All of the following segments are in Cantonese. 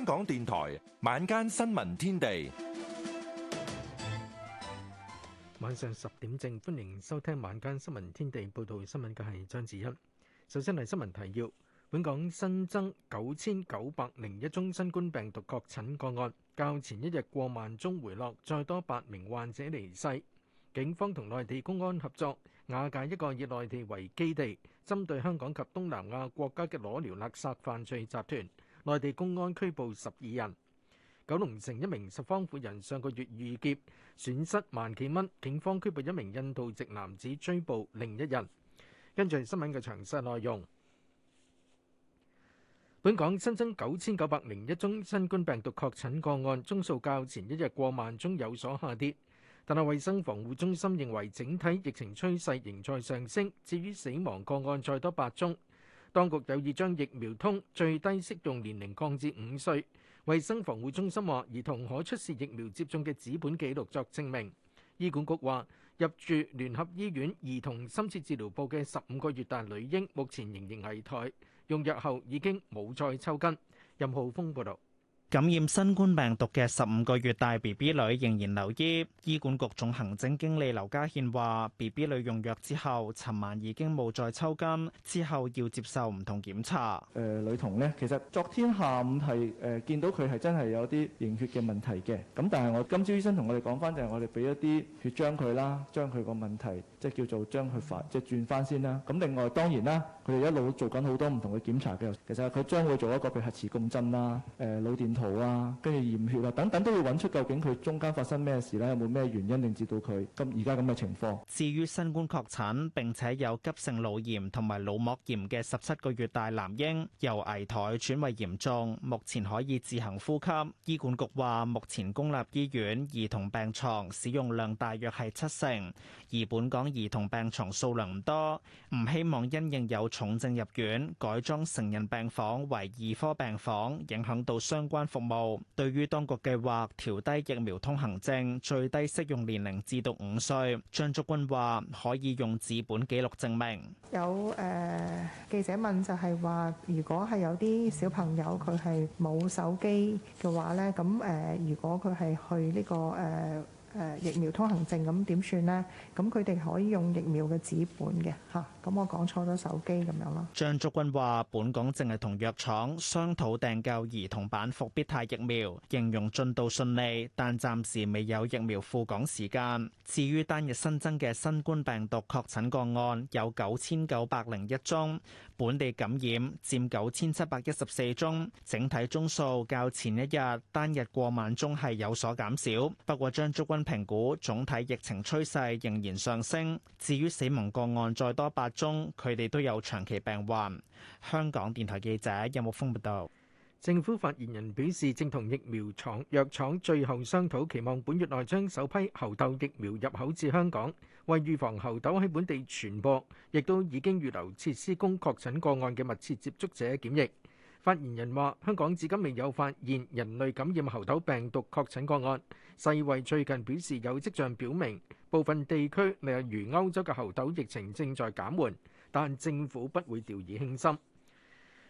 香港電台晚間新聞天地，晚上十點正，歡迎收聽晚間新聞天地。報道新聞嘅係張子欣。首先係新聞提要：本港新增九千九百零一宗新冠病毒確診個案，較前一日過萬宗回落，再多八名患者離世。警方同內地公安合作，瓦解一個以內地為基地，針對香港及東南亞國家嘅裸聊勒索犯罪集團。內地公安拘捕十二人。九龍城一名拾荒婦人上個月遇劫，損失萬幾蚊，警方拘捕一名印度籍男子，追捕另一人。跟住新聞嘅詳細內容。本港新增九千九百零一宗新冠病毒確診個案，宗數較前一日過萬宗有所下跌，但係衛生防護中心認為整體疫情趨勢仍在上升。至於死亡個案再多八宗。當局有意將疫苗通最低適用年齡降至五歲。衛生防護中心話，兒童可出示疫苗接種嘅紙本記錄作證明。醫管局話，入住聯合醫院兒童深切治療部嘅十五個月大女嬰，目前仍然危殆，用藥後已經冇再抽筋。任浩峰報道。感染新冠病毒嘅十五個月大 BB 女仍然留醫。醫管局總行政經理劉家憲話，BB 女用藥之後，尋晚已經冇再抽筋，之後要接受唔同檢查。誒、呃、女童呢，其實昨天下午係誒、呃、見到佢係真係有啲凝血嘅問題嘅，咁但係我今朝醫生同我哋講翻，就係我哋俾一啲血漿佢啦，將佢個問題，即係叫做將佢發，即係轉翻先啦。咁另外當然啦。佢哋一路做緊好多唔同嘅檢查嘅，其實佢將會做一個嘅核磁共振啦、誒腦電圖啊，跟住驗血啊，等等都要揾出究竟佢中間發生咩事咧，有冇咩原因令至到佢咁而家咁嘅情況。至於新冠確診並且有急性腦炎同埋腦膜炎嘅十七個月大男嬰，由危殆轉為嚴重，目前可以自行呼吸。醫管局話，目前公立醫院兒童病牀使用量大約係七成，而本港兒童病牀數量唔多，唔希望因應有。重症入院，改裝成人病房為兒科病房，影響到相關服務。對於當局計劃調低疫苗通行證最低適用年齡至到五歲，張竹君話可以用紙本記錄證明。有誒、呃、記者問就係話，如果係有啲小朋友佢係冇手機嘅話咧，咁誒、呃，如果佢係去呢、這個誒。呃誒疫苗通行證咁點算呢？咁佢哋可以用疫苗嘅紙本嘅嚇，咁我講錯咗手機咁樣咯。張竹君話：本港淨係同藥廠商討訂購兒童版復必泰疫苗，形容進度順利，但暫時未有疫苗赴港時間。至於單日新增嘅新冠病毒確診個案有九千九百零一宗，本地感染佔九千七百一十四宗，整體宗數較前一日單日過萬宗係有所減少。不過張竹君，評估總體疫情趨勢仍然上升。至於死亡個案再多八宗，佢哋都有長期病患。香港電台記者任木峰報道，政府發言人表示，正同疫苗廠藥廠最後商討，期望本月內將首批猴痘疫苗入口至香港。為預防猴痘喺本地傳播，亦都已經預留設施供確診個案嘅密切接觸者檢疫。發言人話：香港至今未有發現人類感染猴痘病毒確診個案。世衛最近表示有跡象表明，部分地區例如歐洲嘅猴痘疫情正在減緩，但政府不會掉以輕心。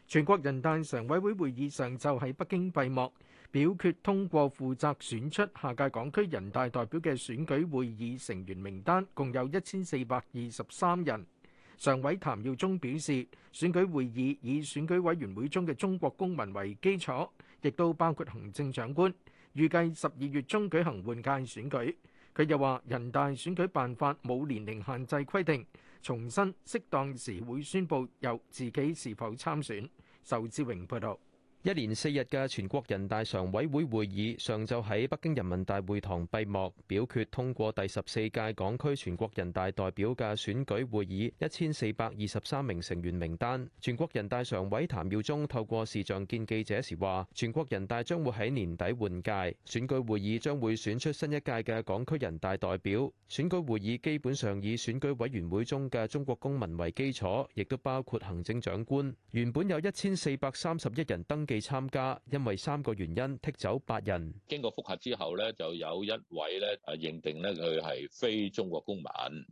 全國人大常委會會議上就喺北京閉幕，表決通過負責選出下屆港區人大代表嘅選舉會議成員名單，共有一千四百二十三人。常委譚耀宗表示，選舉會議以選舉委員會中嘅中國公民為基礎，亦都包括行政長官。預計十二月中舉行換屆選舉。佢又話，人大選舉辦法冇年齡限制規定，重申適當時會宣佈由自己是否參選。仇志榮報導。一連四日嘅全國人大常委會會議上晝喺北京人民大會堂閉幕，表決通過第十四屆港區全國人大代表嘅選舉會議一千四百二十三名成員名單。全國人大常委譚耀宗透過視像見記者時話：全國人大將會喺年底換屆，選舉會議將會選出新一屆嘅港區人大代表。選舉會議基本上以選舉委員會中嘅中國公民為基礎，亦都包括行政長官。原本有一千四百三十一人登既參加，因為三個原因剔走八人，經過複核之後咧，就有一位咧啊，認定咧，佢係非中國公民。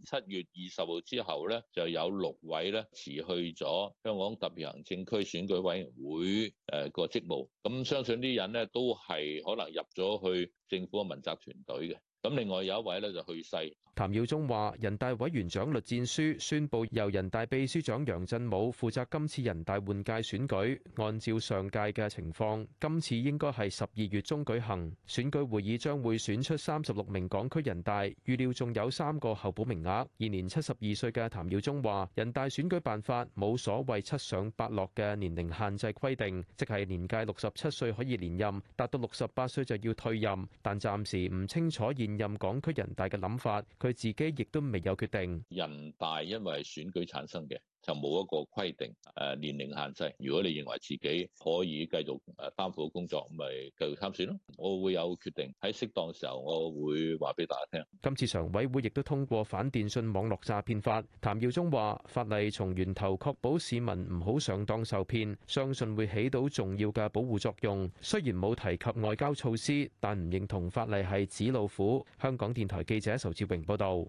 七月二十號之後咧，就有六位咧辭去咗香港特別行政區選舉委員會誒個職務。咁相信啲人咧都係可能入咗去政府嘅問責團隊嘅。咁另外有一位咧就去世。譚耀宗話，人大委員長栗戰書宣布由人大秘書長楊振武負責今次人大換屆選舉。按照上屆嘅情況，今次應該係十二月中舉行選舉會議，將會選出三十六名港區人大。預料仲有三個候補名額。現年七十二歲嘅譚耀宗話，人大選舉辦法冇所謂七上八落嘅年齡限制規定，即係年屆六十七歲可以連任，達到六十八歲就要退任。但暫時唔清楚現任港區人大嘅諗法，佢自己亦都未有決定。人大因為選舉產生嘅。就冇一個規定，誒年齡限制。如果你認為自己可以繼續誒擔負工作，咪繼續參選咯。我會有決定，喺適當時候，我會話俾大家聽。今次常委會亦都通過反電信網絡詐騙法。譚耀宗話：法例從源頭確保市民唔好上當受騙，相信會起到重要嘅保護作用。雖然冇提及外交措施，但唔認同法例係紙老虎。香港電台記者仇志榮報導。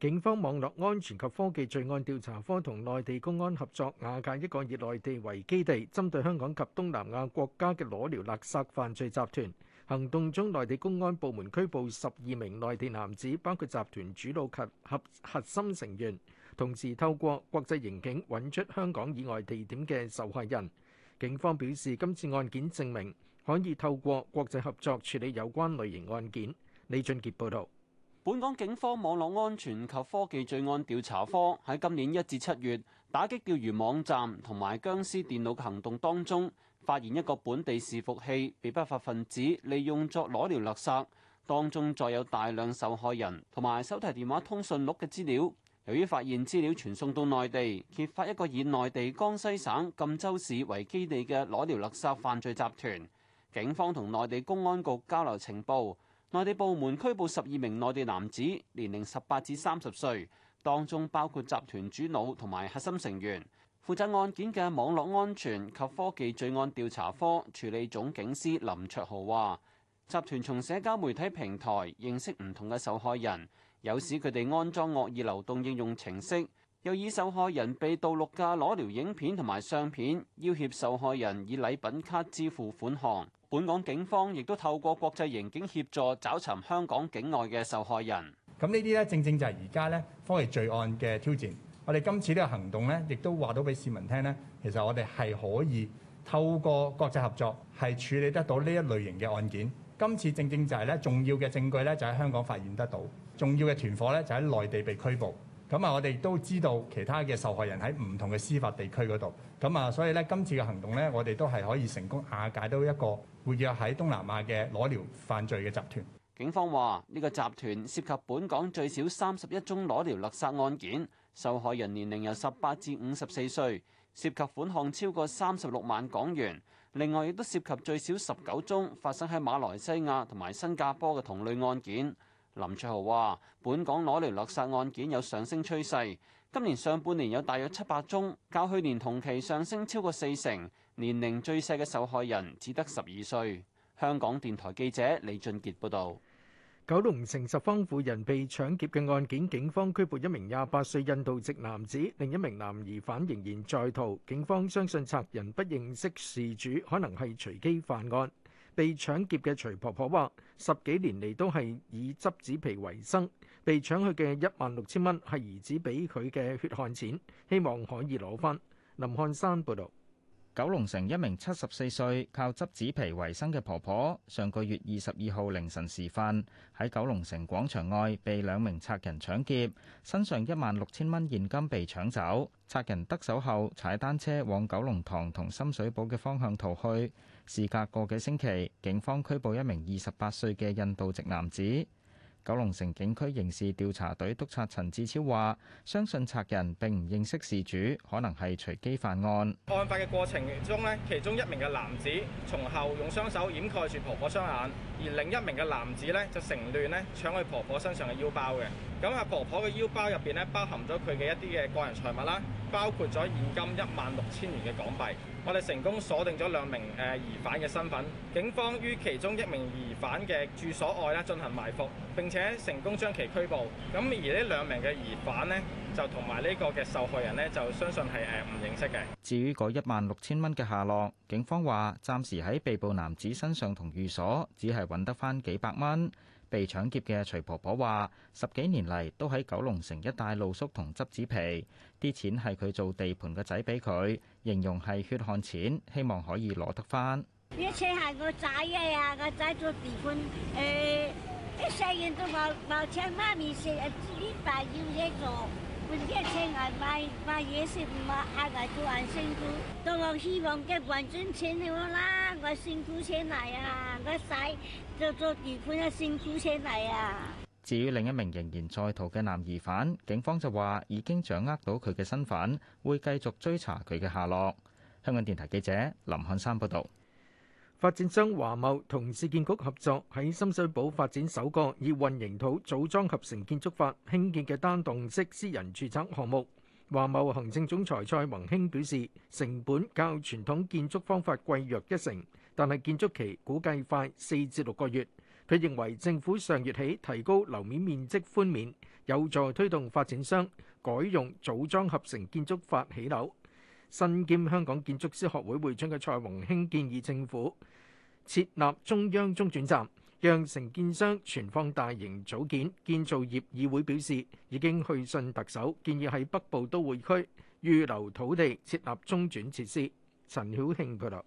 警方網絡安全及科技罪案調查科同內地公安合作，瓦解一個以內地為基地，針對香港及東南亞國家嘅裸聊勒索犯罪集團。行動中，內地公安部門拘捕十二名內地男子，包括集團主腦及核核、核心成員。同時透過國際刑警揾出香港以外地點嘅受害人。警方表示，今次案件證明可以透過國際合作處理有關類型案件。李俊傑報道。本港警方網絡安全及科技罪案調查科喺今年一至七月打擊釣魚網站同埋殭屍電腦嘅行動當中，發現一個本地伺服器被不法分子利用作裸聊勒索，當中載有大量受害人同埋手提電話通訊錄嘅資料。由於發現資料傳送到內地，揭發一個以內地江西省贛州市為基地嘅裸聊勒索犯罪集團，警方同內地公安局交流情報。內地部門拘捕十二名內地男子，年齡十八至三十歲，當中包括集團主腦同埋核心成員。負責案件嘅網絡安全及科技罪案調查科處理總警司林卓豪話：集團從社交媒體平台認識唔同嘅受害人，有時佢哋安裝惡意流動應用程式，又以受害人被盜錄嘅裸聊影片同埋相片要挾受害人以禮品卡支付款項。本港警方亦都透過國際刑警協助找尋香港境外嘅受害人。咁呢啲咧，正正就係而家咧，科技罪案嘅挑戰。我哋今次呢個行動咧，亦都話到俾市民聽咧，其實我哋係可以透過國際合作，係處理得到呢一類型嘅案件。今次正正就係咧，重要嘅證據咧就喺香港發現得到，重要嘅團伙咧就喺內地被拘捕。咁啊、嗯，我哋都知道其他嘅受害人喺唔同嘅司法地區嗰度，咁、嗯、啊，所以咧今次嘅行動咧，我哋都係可以成功瓦解到一個活躍喺東南亞嘅裸聊犯罪嘅集團。警方話，呢、呢個集團涉及本港最少三十一宗裸聊勒殺案件，受害人年齡由十八至五十四歲，涉及款項超過三十六萬港元。另外，亦都涉及最少十九宗發生喺馬來西亞同埋新加坡嘅同類案件。林卓豪話：本港擄人勒索案件有上升趨勢，今年上半年有大約七八宗，較去年同期上升超過四成。年齡最細嘅受害人只得十二歲。香港電台記者李俊傑報導。九龍城十方婦人被搶劫嘅案件，警方拘捕一名廿八歲印度籍男子，另一名男疑犯仍然在逃。警方相信賊人不認識事主，可能係隨機犯案。被搶劫嘅徐婆婆話：十幾年嚟都係以執紙皮為生，被搶去嘅一萬六千蚊係兒子俾佢嘅血汗錢，希望可以攞返。林漢山報導。九龍城一名七十四歲靠執紙皮為生嘅婆婆，上個月二十二號凌晨時分喺九龍城廣場外被兩名賊人搶劫，身上一萬六千蚊現金被搶走。賊人得手後，踩單車往九龍塘同深水埗嘅方向逃去。事隔個幾星期，警方拘捕一名二十八歲嘅印度籍男子。九龍城警區刑事調查隊督察陳志超話：相信賊人並唔認識事主，可能係隨機犯案。案發嘅過程中咧，其中一名嘅男子從後用雙手掩蓋住婆婆雙眼，而另一名嘅男子咧就乘亂咧搶去婆婆身上嘅腰包嘅。咁啊，婆婆嘅腰包入邊咧包含咗佢嘅一啲嘅個人財物啦。包括咗現金一萬六千元嘅港幣，我哋成功鎖定咗兩名誒疑犯嘅身份。警方於其中一名疑犯嘅住所外啦進行埋伏，並且成功將其拘捕。咁而呢兩名嘅疑犯呢，就同埋呢個嘅受害人呢，就相信係誒唔認識嘅。至於嗰一萬六千蚊嘅下落，警方話暫時喺被捕男子身上同寓所只係揾得翻幾百蚊。被搶劫嘅徐婆婆話：十幾年嚟都喺九龍城一帶露宿同執紙皮，啲錢係佢做地盤個仔俾佢，形容係血汗錢，希望可以攞得返。一車係我仔呀，我仔做地盤，誒，啲生意都冇冇請媽咪食，呢排要嘢做，本身一車係賣賣嘢食，唔係係嚟做眼線箍，都講希望嘅還賺錢咁啦，眼線箍車嚟呀，我使。就做地款一先租出嚟啊。至於另一名仍然在逃嘅男疑犯，警方就話已經掌握到佢嘅身份，會繼續追查佢嘅下落。香港電台記者林漢山報導。發展商華茂同市建局合作喺深水埗發展首個以混凝土組裝合成建築法興建嘅單棟式私人住宅項目。華茂行政總裁蔡宏興表示，成本較傳統建築方法貴約一成。但係建築期估計快四至六個月。佢認為政府上月起提高樓面面積寬免，有助推動發展商改用組裝合成建築法起樓。身兼香港建築師學會會長嘅蔡宏興建議政府設立中央中轉站，讓承建商存放大型組件。建造業議會表示已經去信特首，建議喺北部都會區預留土地設立中轉設施。陳曉慶報導。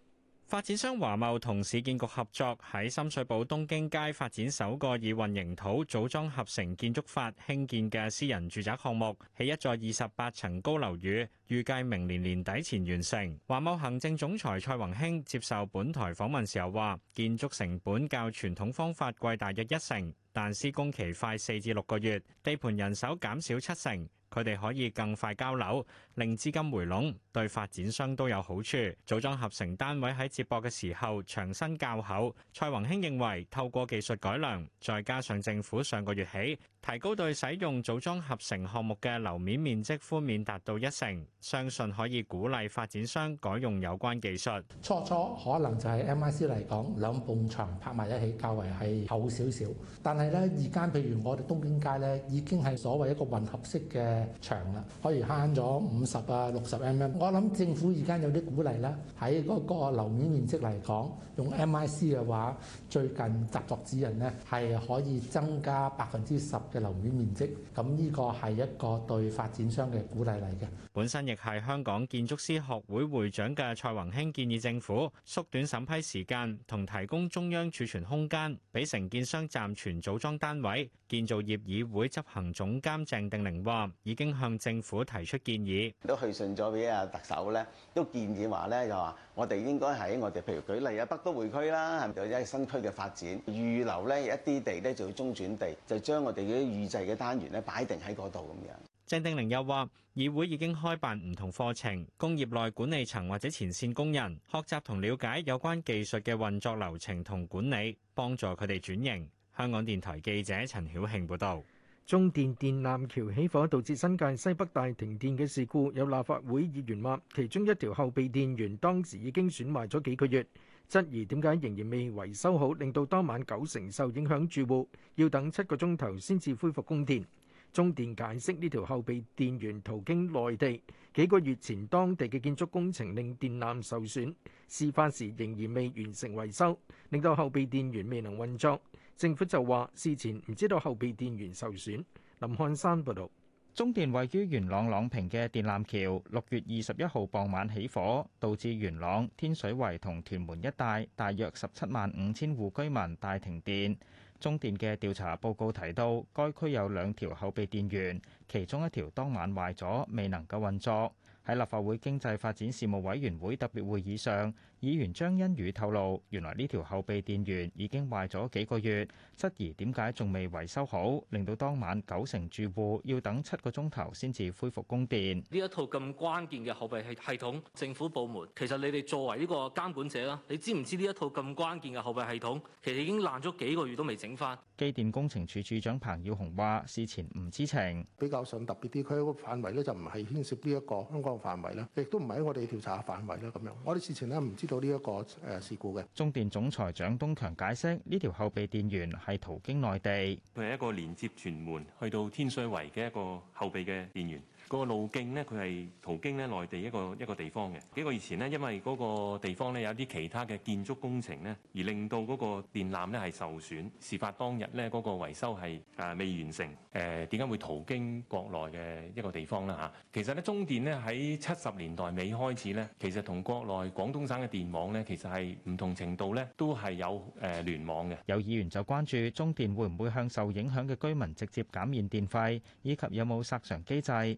發展商華茂同市建局合作喺深水埗東京街發展首個以混凝土組裝合成建築法興建嘅私人住宅項目，起一座二十八層高樓宇，預計明年年底前完成。華茂行政總裁蔡宏興接受本台訪問時候話，建築成本較傳統方法貴大約一成，但施工期快四至六個月，地盤人手減少七成。佢哋可以更快交樓，令資金回籠，對發展商都有好處。組裝合成單位喺接駁嘅時候，牆身較厚。蔡宏興認為，透過技術改良，再加上政府上個月起，提高對使用組裝合成項目嘅樓面面積寬免達到一成，相信可以鼓勵發展商改用有關技術。初初可能就係 M I C 嚟講，兩埲牆拍埋一起較為係厚少少，但係咧而家譬如我哋東京街咧，已經係所謂一個混合式嘅牆啦，可以慳咗五十啊六十 m m。我諗政府而家有啲鼓勵啦，喺嗰個樓面面積嚟講，用 M I C 嘅話，最近集作指引咧係可以增加百分之十。嘅樓面面積，咁呢個係一個對發展商嘅鼓勵嚟嘅。本身亦係香港建築師學會會長嘅蔡宏興建議政府縮短審批時間，同提供中央儲存空間俾承建商暫存組裝單位。建造業議會執行總監鄭定玲話：已經向政府提出建議，都去信咗俾啊特首咧，都建議話咧就話我哋應該喺我哋譬如舉例啊北都會區啦，係咪？或者係新區嘅發展，預留呢一啲地咧就要中轉地，就將我哋預製嘅單元咧擺定喺嗰度咁樣。鄭定寧又話：議會已經開辦唔同課程，工業內管理層或者前線工人學習同了解有關技術嘅運作流程同管理，幫助佢哋轉型。香港電台記者陳曉慶報導。中電電纜橋起火導致新界西北大停電嘅事故，有立法會議員話，其中一條後備電源當時已經損壞咗幾個月。質疑點解仍然未維修好，令到當晚九成受影響住戶要等七個鐘頭先至恢復供電。中電解釋呢條後備電源途經內地，幾個月前當地嘅建築工程令電纜受損，事發時仍然未完成維修，令到後備電源未能運作。政府就話事前唔知道後備電源受損。林漢山報道。中電位於元朗朗屏嘅電纜橋，六月二十一號傍晚起火，導致元朗、天水圍同屯門一帶大約十七萬五千戶居民大停電。中電嘅調查報告提到，該區有兩條後備電源，其中一條當晚壞咗，未能夠運作。喺立法會經濟發展事務委員會特別會議上，議員張欣宇透露，原來呢條後備電源已經壞咗幾個月，質疑點解仲未維修好，令到當晚九成住戶要等七個鐘頭先至恢復供電。呢一套咁關鍵嘅後備系系統，政府部門其實你哋作為呢個監管者啦，你知唔知呢一套咁關鍵嘅後備系統，其實已經爛咗幾個月都未整翻？機電工程處處長彭耀雄話：事前唔知情，比較上特別啲，佢個範圍咧就唔係牽涉呢一個香港嘅範圍啦，亦都唔係喺我哋調查嘅範圍啦。咁樣，我哋事前呢唔知。到呢一個誒事故嘅中電總裁蔣東強解釋，呢條後備電源係途經內地，佢係一個連接屯門去到天水圍嘅一個後備嘅電源。個路徑咧，佢係途經咧內地一個一個地方嘅，幾個月前咧，因為嗰個地方咧有啲其他嘅建築工程咧，而令到嗰個電纜咧係受損。事發當日咧，嗰個維修係誒未完成。誒點解會途經國內嘅一個地方啦？嚇，其實咧，中電咧喺七十年代尾開始咧，其實同國內廣東省嘅電網咧，其實係唔同程度咧都係有誒聯網嘅。有議員就關注中電會唔會向受影響嘅居民直接減免電費，以及有冇索償機制。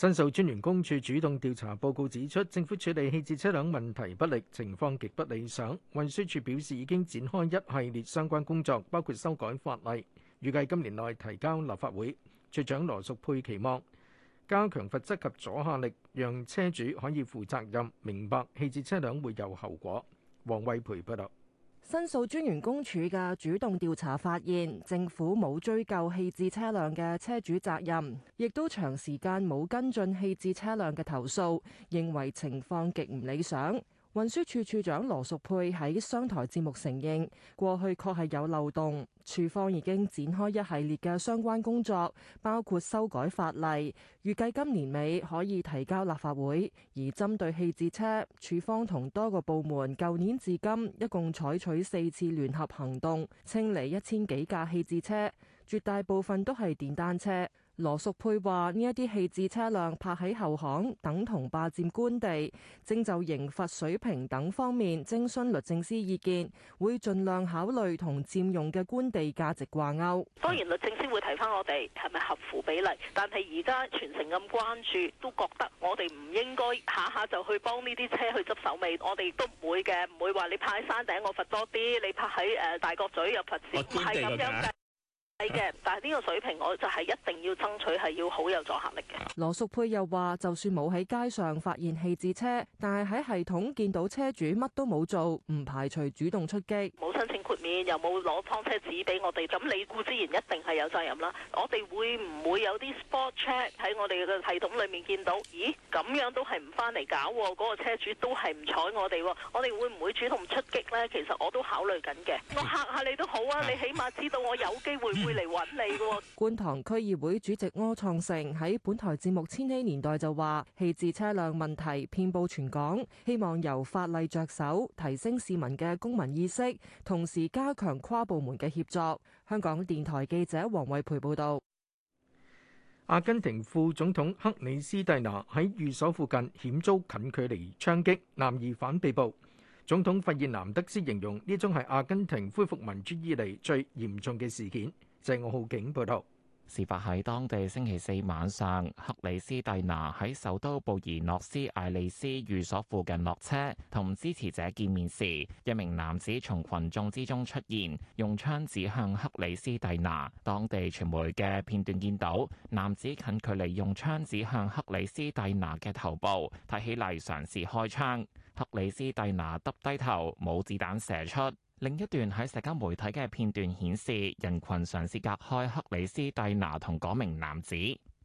申訴專員公署主動調查報告指出，政府處理棄置車輛問題不力，情況極不理想。運輸署表示已經展開一系列相關工作，包括修改法例，預計今年內提交立法會。署長羅淑佩期望加強罰則及阻嚇力，讓車主可以負責任，明白棄置車輛會有後果。王惠培報道。申訴專員公署嘅主動調查發現，政府冇追究棄置車輛嘅車主責任，亦都長時間冇跟進棄置車輛嘅投訴，認為情況極唔理想。運輸處處長羅淑佩喺商台節目承認，過去確係有漏洞，處方已經展開一系列嘅相關工作，包括修改法例，預計今年尾可以提交立法會。而針對棄置車，處方同多個部門，舊年至今一共採取四次聯合行動，清理一千幾架棄置車，絕大部分都係電單車。羅淑佩話：呢一啲棄置車輛泊喺後巷，等同霸佔官地，正就刑罰水平等方面徵詢律政司意見，會盡量考慮同佔用嘅官地價值掛鈎。當然律政司會提翻我哋係咪合乎比例，但係而家全城咁關注，都覺得我哋唔應該下下就去幫呢啲車去執手尾，我哋都唔會嘅，唔會話你泊喺山頂我罰多啲，你泊喺誒大角咀又罰少，係咁、啊、樣嘅。啊係嘅，但係呢個水平，我就係一定要爭取係要好有阻嚇力嘅。羅淑佩又話，就算冇喺街上發現棄置車，但係喺系統見到車主乜都冇做，唔排除主動出擊。冇申請豁免，又冇攞窗車紙俾我哋，咁你固自然一定係有責任啦。我哋會唔會有啲 spot check 喺我哋嘅系統裏面見到？咦，咁樣都係唔翻嚟搞，嗰個車主都係唔睬我哋，我哋會唔會主動出擊呢？其實我都考慮緊嘅。我吓下你都好啊，你起碼知道我有機會。觀塘區議會主席柯創盛喺本台節目《千禧年代》就話：棄置車輛問題遍佈全港，希望由法例着手提升市民嘅公民意識，同時加強跨部門嘅協作。香港電台記者黃惠培報道。阿根廷副總統克里斯蒂娜喺寓所附近險遭近，近，距近距離槍擊，男疑犯被捕。總統費爾南德斯形容呢宗係阿根廷恢復民主以嚟最嚴重嘅事件。正浩景報道，事發喺當地星期四晚上，克里斯蒂娜喺首都布宜諾斯艾利斯寓所附近落車，同支持者見面時，一名男子從群眾之中出現，用槍指向克里斯蒂娜。當地傳媒嘅片段見到，男子近距離用槍指向克里斯蒂娜嘅頭部，睇起嚟嘗試開槍，克里斯蒂娜耷低頭，冇子彈射出。另一段喺社交媒體嘅片段顯示，人群嘗試隔開克里斯蒂娜同嗰名男子。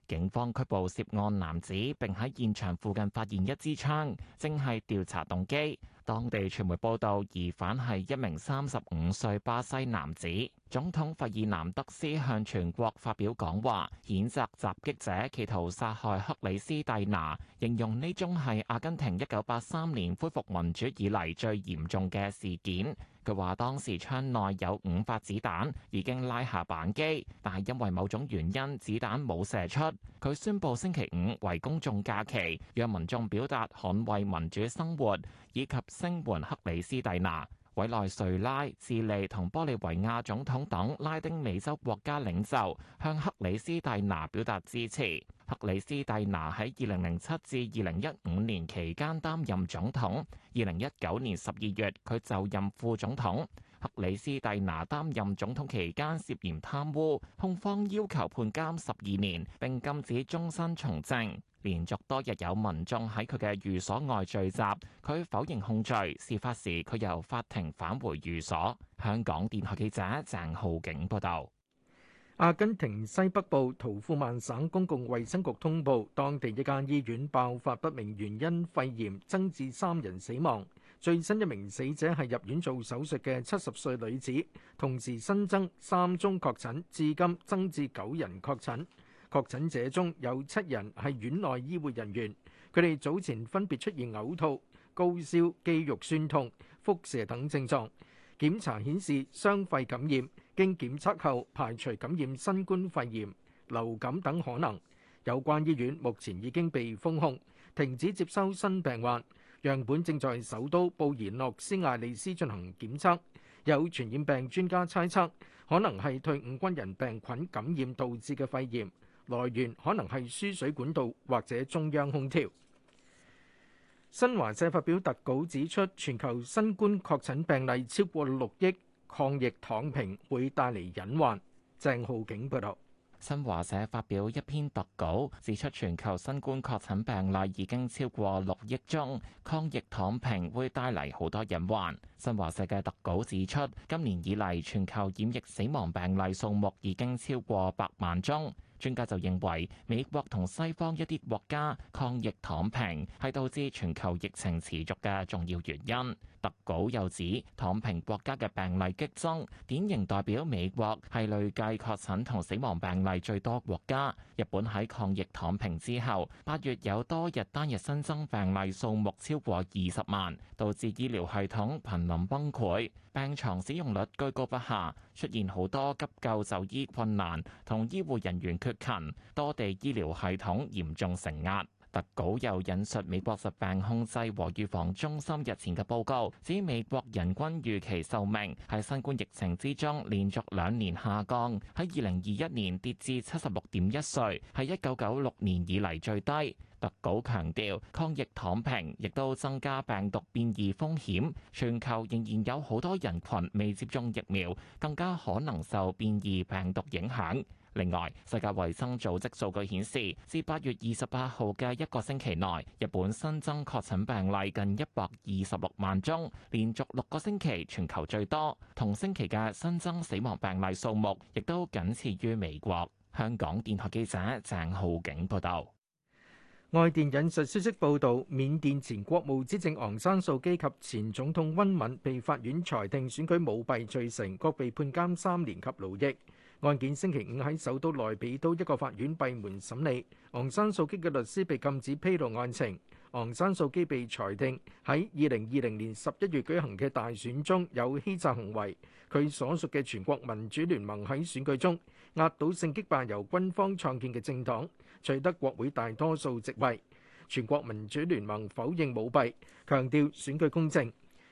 警方拘捕涉案男子，並喺現場附近發現一支槍，正係調查動機。當地傳媒報道，疑犯係一名三十五歲巴西男子。總統費爾南德斯向全國發表講話，譴責襲擊者企圖殺害克里斯蒂娜，形容呢宗係阿根廷一九八三年恢復民主以嚟最嚴重嘅事件。佢話當時槍內有五發子彈，已經拉下扳機，但係因為某種原因，子彈冇射出。佢宣佈星期五為公眾假期，讓民眾表達捍衛民主生活以及，聲援克里斯蒂娜。委內瑞拉、智利同玻利維亞總統等拉丁美洲國家領袖，向克里斯蒂娜表達支持。克里斯蒂娜喺二零零七至二零一五年期間擔任總統，二零一九年十二月佢就任副總統。克里斯蒂娜擔任總統期間涉嫌貪污，控方要求判監十二年，並禁止終身從政。連續多日有民眾喺佢嘅寓所外聚集，佢否認控罪。事發時，佢由法庭返回寓所。香港電台記者鄭浩景報道。阿根廷西北部圖庫曼省公共衛生局通報，當地一間醫院爆發不明原因肺炎，增至三人死亡。最新一名死者係入院做手術嘅七十歲女子，同時新增三宗確診，至今增至九人確診。確診者中有七人係院內醫護人員，佢哋早前分別出現嘔吐、高燒、肌肉痠痛、腹瀉等症狀，檢查顯示雙肺感染，經檢測後排除感染新冠肺炎、流感等可能。有關醫院目前已經被封控，停止接收新病患，樣本正在首都布宜諾斯艾利斯進行檢測。有傳染病專家猜測，可能係退伍軍人病菌感染導致嘅肺炎。來源可能係輸水管道或者中央空調。新華社發表特稿指出，全球新冠確診病例超過六億，抗疫躺平會帶嚟隱患。鄭浩景報導。新華社發表一篇特稿，指出全球新冠確診病例已經超過六億宗，抗疫躺平會帶嚟好多隱患。新華社嘅特稿指出，今年以嚟全球染疫死亡病例數目已經超過百萬宗。專家就認為，美國同西方一啲國家抗疫躺平，係導致全球疫情持續嘅重要原因。特稿又指，躺平國家嘅病例激增，典型代表美國係累計確診同死亡病例最多國家。日本喺抗疫躺平之後八月有多日單日新增病例數目超過二十萬，導致醫療系統瀕臨崩潰，病床使用率居高不下，出現好多急救就醫困難同醫護人員缺勤，多地醫療系統嚴重承壓。特稿又引述美國疾病控制和預防中心日前嘅報告，指美國人均預期壽命喺新冠疫情之中連續兩年下降，喺二零二一年跌至七十六點一歲，係一九九六年以嚟最低。特稿強調，抗疫躺平亦都增加病毒變異風險，全球仍然有好多人群未接種疫苗，更加可能受變異病毒影響。另外，世界衛生組織數據顯示，至八月二十八號嘅一個星期內，日本新增確診病例近一百二十六萬宗，連續六個星期全球最多。同星期嘅新增死亡病例數目，亦都僅次於美國。香港電台記者鄭浩景報道。外電引述消息報道，緬甸前國務資政昂山素基及前總統溫敏被法院裁定選舉舞弊罪成，各被判監三年及勞役。案件星期五喺首都內比都一個法院閉門審理。昂山素基嘅律師被禁止披露案情。昂山素基被裁定喺二零二零年十一月舉行嘅大選中有欺詐行為。佢所屬嘅全國民主聯盟喺選舉中壓倒性擊敗由軍方創建嘅政黨，取得國會大多數席位。全國民主聯盟否認舞弊，強調選舉公正。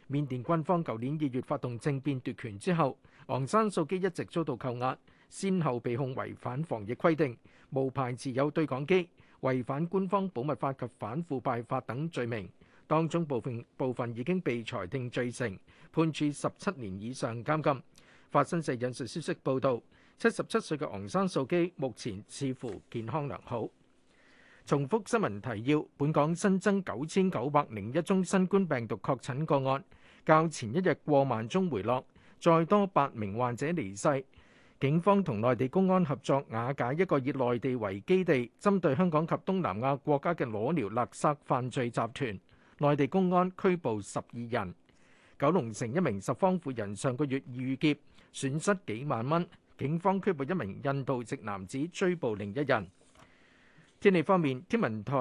緬甸軍方舊年二月發動政變奪權之後，昂山素基一直遭到扣押。先後被控違反防疫規定、無牌持有對講機、違反官方保密法及反腐敗法等罪名，當中部分部分已經被裁定罪成，判處十七年以上監禁。法新社引述消息報道，七十七歲嘅昂山素姬目前似乎健康良好。重複新聞提要：本港新增九千九百零一宗新冠病毒確診個案，較前一日過萬宗回落，再多八名患者離世。警方同內地公安合作瓦解一個以內地為基地、針對香港及東南亞國家嘅裸聊勒索犯罪集團，內地公安拘捕十二人。九龍城一名拾荒婦人上個月遇劫，損失幾萬蚊。警方拘捕一名印度籍男子，追捕另一人。天氣方面，天文台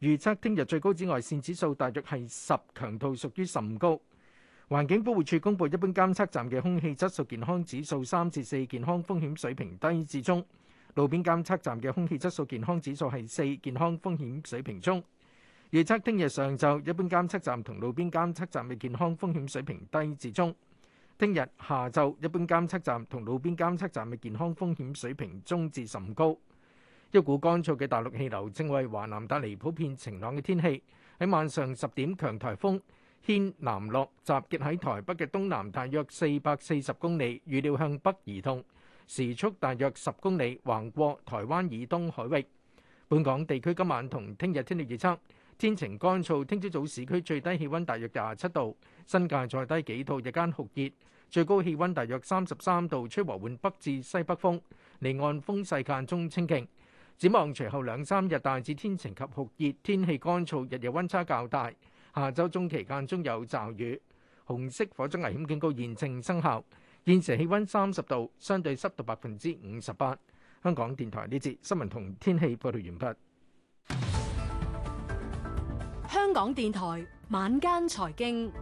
預測聽日最高紫外線指數大約係十，強度屬於甚高。環境保護署公布一般監測站嘅空氣質素健康指數三至四，健康風險水平低至中；路邊監測站嘅空氣質素健康指數係四，健康風險水平中。預測聽日上晝一般監測站同路邊監測站嘅健康風險水平低至中；聽日下晝一般監測站同路邊監測站嘅健康風險水平中至甚高。一股乾燥嘅大陸氣流正為華南帶來普遍晴朗嘅天氣。喺晚上十點，強颱風。偏南落，集結喺台北嘅東南，大約四百四十公里，預料向北移動，時速大約十公里，橫過台灣以東海域。本港地區今晚同聽日天氣預測，天晴乾燥，聽朝早市區最低氣溫大約廿七度，新界再低幾度，日間酷熱，最高氣溫大約三十三度，吹和緩北至西北風，離岸風勢間中清勁。展望隨後兩三日大致天晴及酷熱，天氣乾燥，日日溫差較大。下周中期間中有驟雨，紅色火災危險警告現正生效。現時氣温三十度，相對濕度百分之五十八。香港電台呢節新聞同天氣報道完畢。香港電台晚間財經，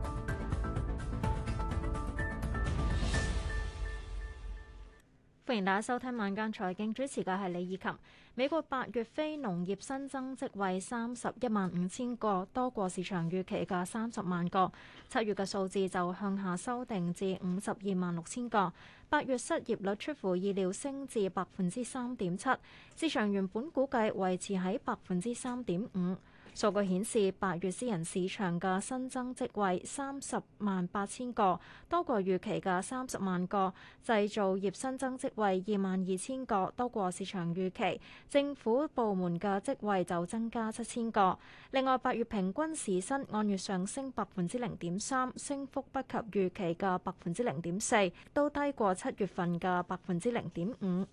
歡迎大家收聽晚間財經，主持嘅係李以琴。美國八月非農業新增職位三十一萬五千個，多過市場預期嘅三十萬個。七月嘅數字就向下修訂至五十二萬六千個。八月失業率出乎意料升至百分之三點七，市場原本估計維持喺百分之三點五。數據顯示，八月私人市場嘅新增職位三十萬八千個，多過預期嘅三十萬個。製造業新增職位二萬二千個，多過市場預期。政府部門嘅職位就增加七千個。另外，八月平均時薪按月上升百分之零點三，升幅不及預期嘅百分之零點四，都低過七月份嘅百分之零點五。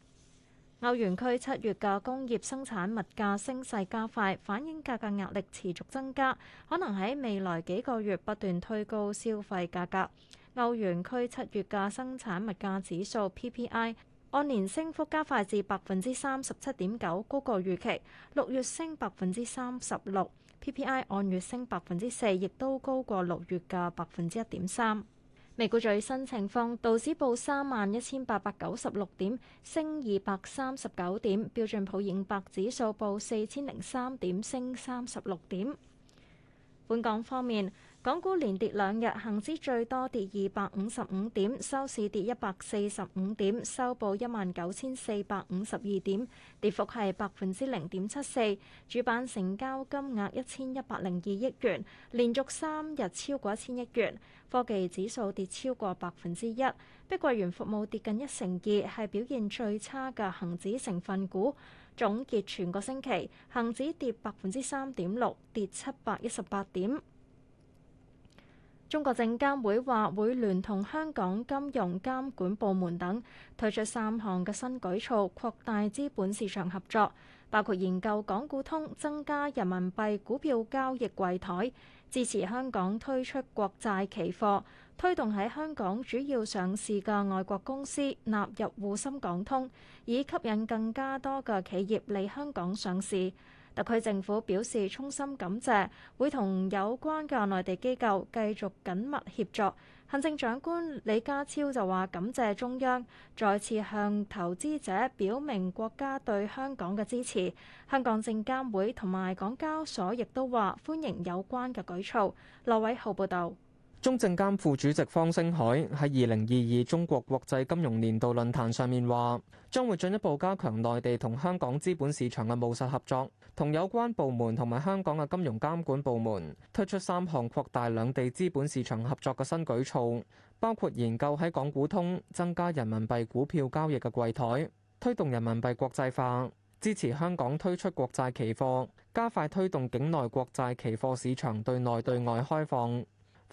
歐元區七月嘅工業生產物價升勢加快，反映價格壓力持續增加，可能喺未來幾個月不斷推高消費價格。歐元區七月嘅生產物價指數 PPI 按年升幅加快至百分之三十七點九，高過預期。六月升百分之三十六，PPI 按月升百分之四，亦都高過六月嘅百分之一點三。美股最新情況：道指報三萬一千八百九十六點，升二百三十九點；標準普爾五百指數報四千零三點，升三十六點。本港方面，港股連跌兩日，恒指最多跌二百五十五點，收市跌一百四十五點，收報一萬九千四百五十二點，跌幅係百分之零點七四。主板成交金額一千一百零二億元，連續三日超過一千億元。科技指數跌超過百分之一，碧桂園服務跌近一成二，係表現最差嘅恒指成分股。總結全個星期，恒指跌百分之三點六，跌七百一十八點。中國證監會話會聯同香港金融監管部門等推出三項嘅新舉措，擴大資本市場合作。包括研究港股通增加人民幣股票交易櫃台，支持香港推出國債期貨，推動喺香港主要上市嘅外國公司納入滬深港通，以吸引更加多嘅企業嚟香港上市。特區政府表示衷心感謝，會同有關嘅內地機構繼續緊密協作。行政長官李家超就話感謝中央再次向投資者表明國家對香港嘅支持。香港證監會同埋港交所亦都話歡迎有關嘅舉措。劉偉豪報導。中證監副主席方星海喺二零二二中國國際金融年度論壇上面話，將會進一步加強內地同香港資本市場嘅務實合作，同有關部門同埋香港嘅金融監管部門推出三項擴大兩地資本市場合作嘅新舉措，包括研究喺港股通增加人民幣股票交易嘅櫃台，推動人民幣國際化，支持香港推出國債期貨，加快推動境內國債期貨市場對內對外開放。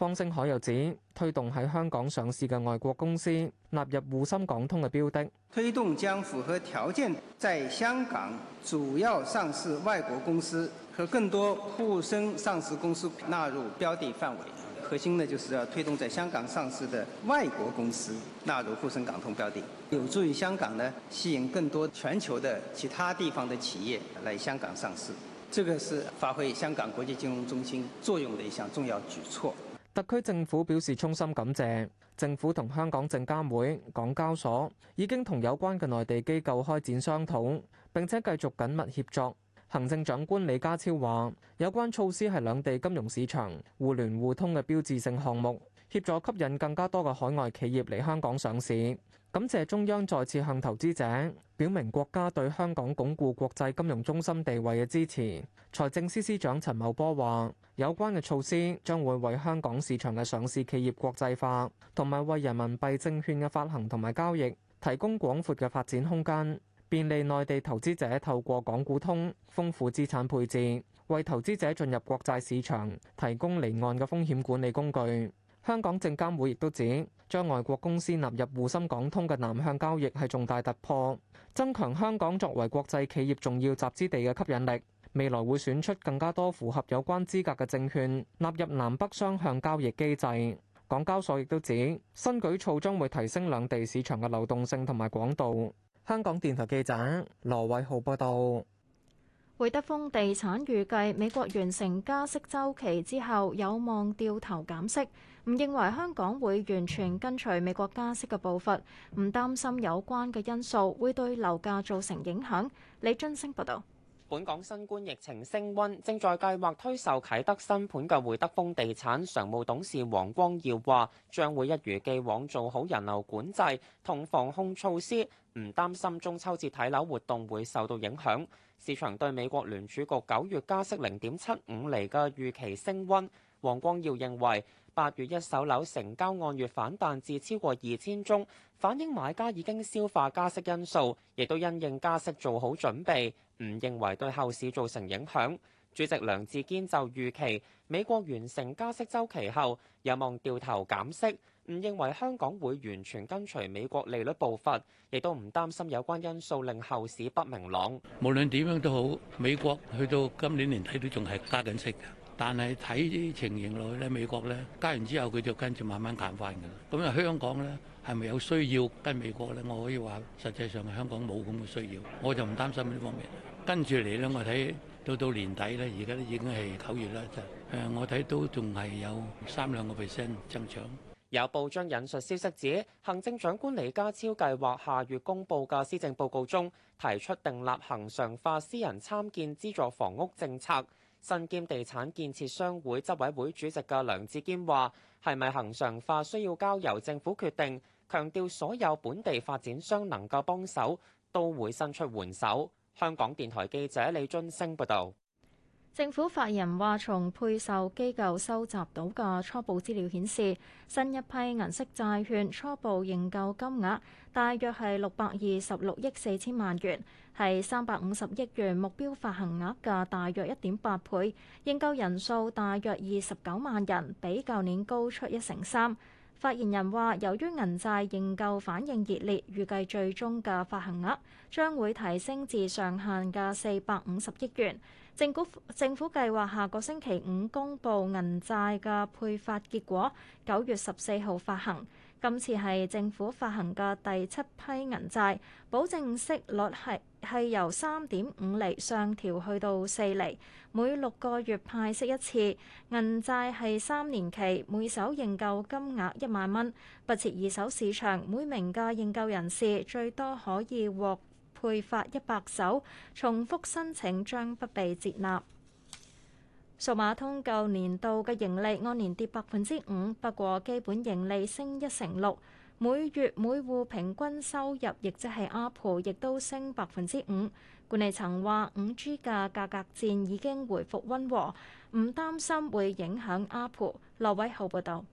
方星海又指，推動喺香港上市嘅外國公司納入滬深港通嘅標的。推動將符合條件在香港主要上市外國公司和更多滬深上市公司納入標的範圍。核心呢，就是要推動在香港上市的外國公司納入滬深港通標的，有助於香港呢，吸引更多全球的其他地方的企業來香港上市。這個是發揮香港國際金融中心作用的一項重要舉措。特區政府表示衷心感謝，政府同香港證監會、港交所已經同有關嘅內地機構開展商討，並且繼續緊密協作。行政長官李家超話，有關措施係兩地金融市場互聯互通嘅標誌性項目，協助吸引更多嘅海外企業嚟香港上市。感謝中央再次向投資者表明國家對香港鞏固國際金融中心地位嘅支持。財政司司長陳茂波話：有關嘅措施將會為香港市場嘅上市企業國際化，同埋為人民幣證券嘅發行同埋交易提供廣闊嘅發展空間，便利內地投資者透過港股通豐富資產配置，為投資者進入國際市場提供離岸嘅風險管理工具。香港證監會亦都指：將外國公司納入滬深港通嘅南向交易係重大突破，增強香港作為國際企業重要集資地嘅吸引力。未來會選出更加多符合有關資格嘅證券，納入南北雙向交易機制。港交所亦都指，新舉措將會提升兩地市場嘅流動性同埋廣度。香港電台記者羅偉浩報道。匯德豐地產預計美國完成加息週期之後，有望掉頭減息。唔認為香港會完全跟隨美國加息嘅步伐，唔擔心有關嘅因素會對樓價造成影響。李津升報道。本港新冠疫情升溫，正在計劃推售啟德新盤嘅匯德豐地產常務董事黃光耀話，將會一如既往做好人流管制同防控措施，唔擔心中秋節睇樓活動會受到影響。市場對美國聯儲局九月加息零點七五厘嘅預期升溫，黃光耀認為八月一手樓成交按月反彈至超過二千宗，反映買家已經消化加息因素，亦都因應加息做好準備，唔認為對後市造成影響。主席梁志堅就預期美國完成加息週期後，有望掉頭減息。唔認為香港會完全跟隨美國利率步伐，亦都唔擔心有關因素令後市不明朗。無論點樣都好，美國去到今年年底都仲係加緊息嘅。但係睇啲情形落去咧，美國咧加完之後佢就跟住慢慢減翻㗎。咁啊，香港咧係咪有需要跟美國咧？我可以話實際上香港冇咁嘅需要，我就唔擔心呢方面。跟住嚟咧，我睇到到年底咧，而家都已經係九月啦。誒，我睇到仲係有三兩個 percent 增長。有報章引述消息指，行政長官李家超計劃下月公布嘅施政報告中提出訂立恒常化私人參建資助房屋政策。身兼地產建設商會執委會主席嘅梁志堅話，係咪恒常化需要交由政府決定，強調所有本地發展商能夠幫手都會伸出援手。香港電台記者李津星報道。政府發言話，從配售機構收集到嘅初步資料顯示，新一批銀色債券初步認購金額大約係六百二十六億四千萬元，係三百五十億元目標發行額嘅大約一點八倍。認購人數大約二十九萬人，比舊年高出一成三。發言人話，由於銀債認購反應熱烈，預計最終嘅發行額將會提升至上限嘅四百五十億元。政府政府計劃下個星期五公布銀債嘅配發結果，九月十四號發行。今次係政府發行嘅第七批銀債，保證息率係係由三點五厘上調去到四厘，每六個月派息一次。銀債係三年期，每手認購金額一萬蚊，不設二手市場，每名嘅認購人士最多可以獲。配發一百手，重複申請將不被接納。數碼通舊年度嘅盈利按年跌百分之五，不過基本盈利升一成六，每月每戶平均收入亦即係阿婆，亦都升百分之五。管理層話五 G 嘅價格戰已經回復溫和，唔擔心會影響阿婆。劉偉豪報導。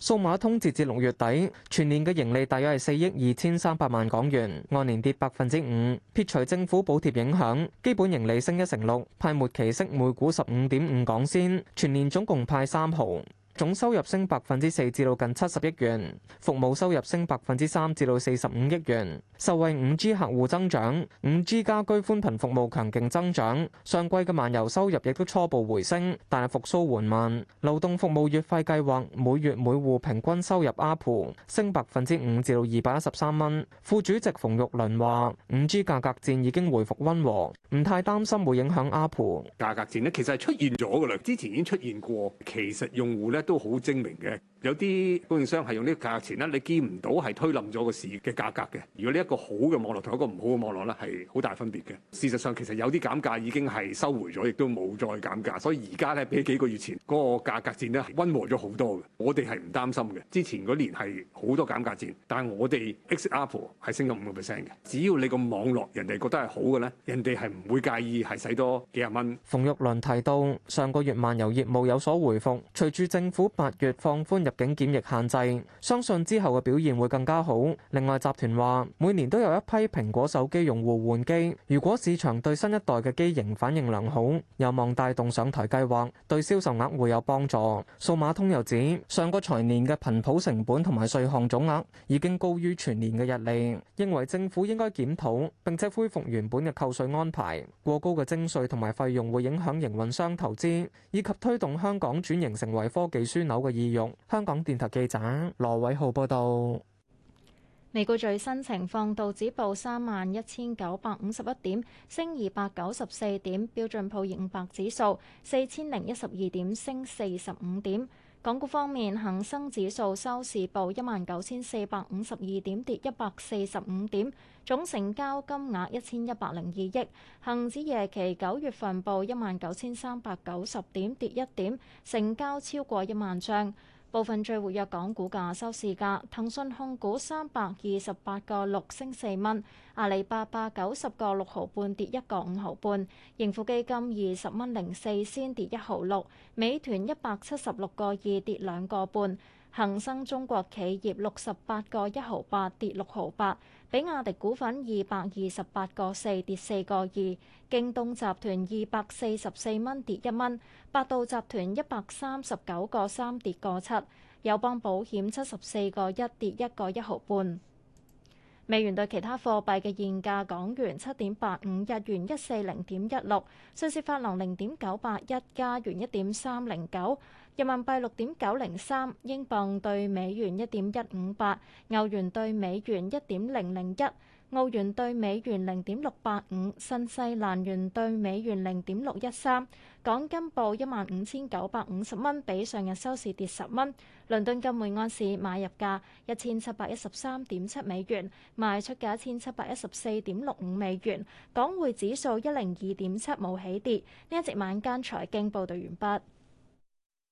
數碼通截至六月底，全年嘅盈利大約係四億二千三百萬港元，按年跌百分之五。撇除政府補貼影響，基本盈利升一成六，派末期息每股十五點五港仙，全年總共派三毫。總收入升百分之四，至到近七十億元；服務收入升百分之三，至到四十五億元。受惠五 G 客戶增長，五 G 家居寬頻服務強勁增長。上季嘅漫遊收入亦都初步回升，但係復蘇緩慢。流動服務月費計劃每月每戶平均收入阿盤升百分之五，至到二百一十三蚊。副主席馮玉麟話：五 G 價格戰已經回復溫和，唔太擔心會影響阿盤。價格戰咧，其實係出現咗噶啦，之前已經出現過。其實用戶咧。都好精明嘅。有啲供應商係用呢個價錢咧，你見唔到係推冧咗個市嘅價格嘅。如果呢一個好嘅網絡同一個唔好嘅網絡咧，係好大分別嘅。事實上其實有啲減價已經係收回咗，亦都冇再減價。所以而家咧比起幾個月前嗰個價格戰咧，溫和咗好多嘅。我哋係唔擔心嘅。之前嗰年係好多減價戰，但係我哋 X Apple 係升咗五個 percent 嘅。只要你個網絡人哋覺得係好嘅咧，人哋係唔會介意係使多幾十蚊。馮玉麟提到上個月漫遊業務有所回復，隨住政府八月放寬。入境檢疫限制，相信之後嘅表現會更加好。另外，集團話每年都有一批蘋果手機用戶換機，如果市場對新一代嘅機型反應良好，有望帶動上台計劃對銷售額會有幫助。數碼通又指上個財年嘅頻譜成本同埋稅項總額已經高於全年嘅日利，認為政府應該檢討並且恢復原本嘅扣稅安排。過高嘅徵稅同埋費用會影響營運商投資以及推動香港轉型成為科技樞紐嘅意欲。香港電台記者羅偉浩報道：美股最新情況，道指報三萬一千九百五十一點，升二百九十四點；標準普爾五百指數四千零一十二點，升四十五點。港股方面，恒生指數收市報一萬九千四百五十二點，跌一百四十五點，總成交金額一千一百零二億。恒指夜期九月份報一萬九千三百九十點，跌一點，成交超過一萬張。部分最活躍港股價收市價：騰訊控股三百二十八個六升四蚊，阿里巴巴九十個六毫半跌一個五毫半，盈富基金二十蚊零四先跌一毫六，美團一百七十六個二跌兩個半，恒生中國企業六十八個一毫八跌六毫八。比亞迪股份二百二十八個四跌四個二，京東集團二百四十四蚊跌一蚊，百度集團一百三十九個三跌個七，友邦保險七十四個一跌一個一毫半。美元對其他貨幣嘅現價，港元七點八五，日元一四零點一六，瑞士法郎零點九八一，加元一點三零九。人民幣六點九零三，英鎊對美元一點一五八，歐元對美元一點零零一，澳元對美元零點六八五，新西蘭元對美元零點六一三。港金報一萬五千九百五十蚊，比上日收市跌十蚊。倫敦金每盎司買入價一千七百一十三點七美元，賣出價一千七百一十四點六五美元。港匯指數一零二點七，冇起跌。呢一節晚間財經報導完畢。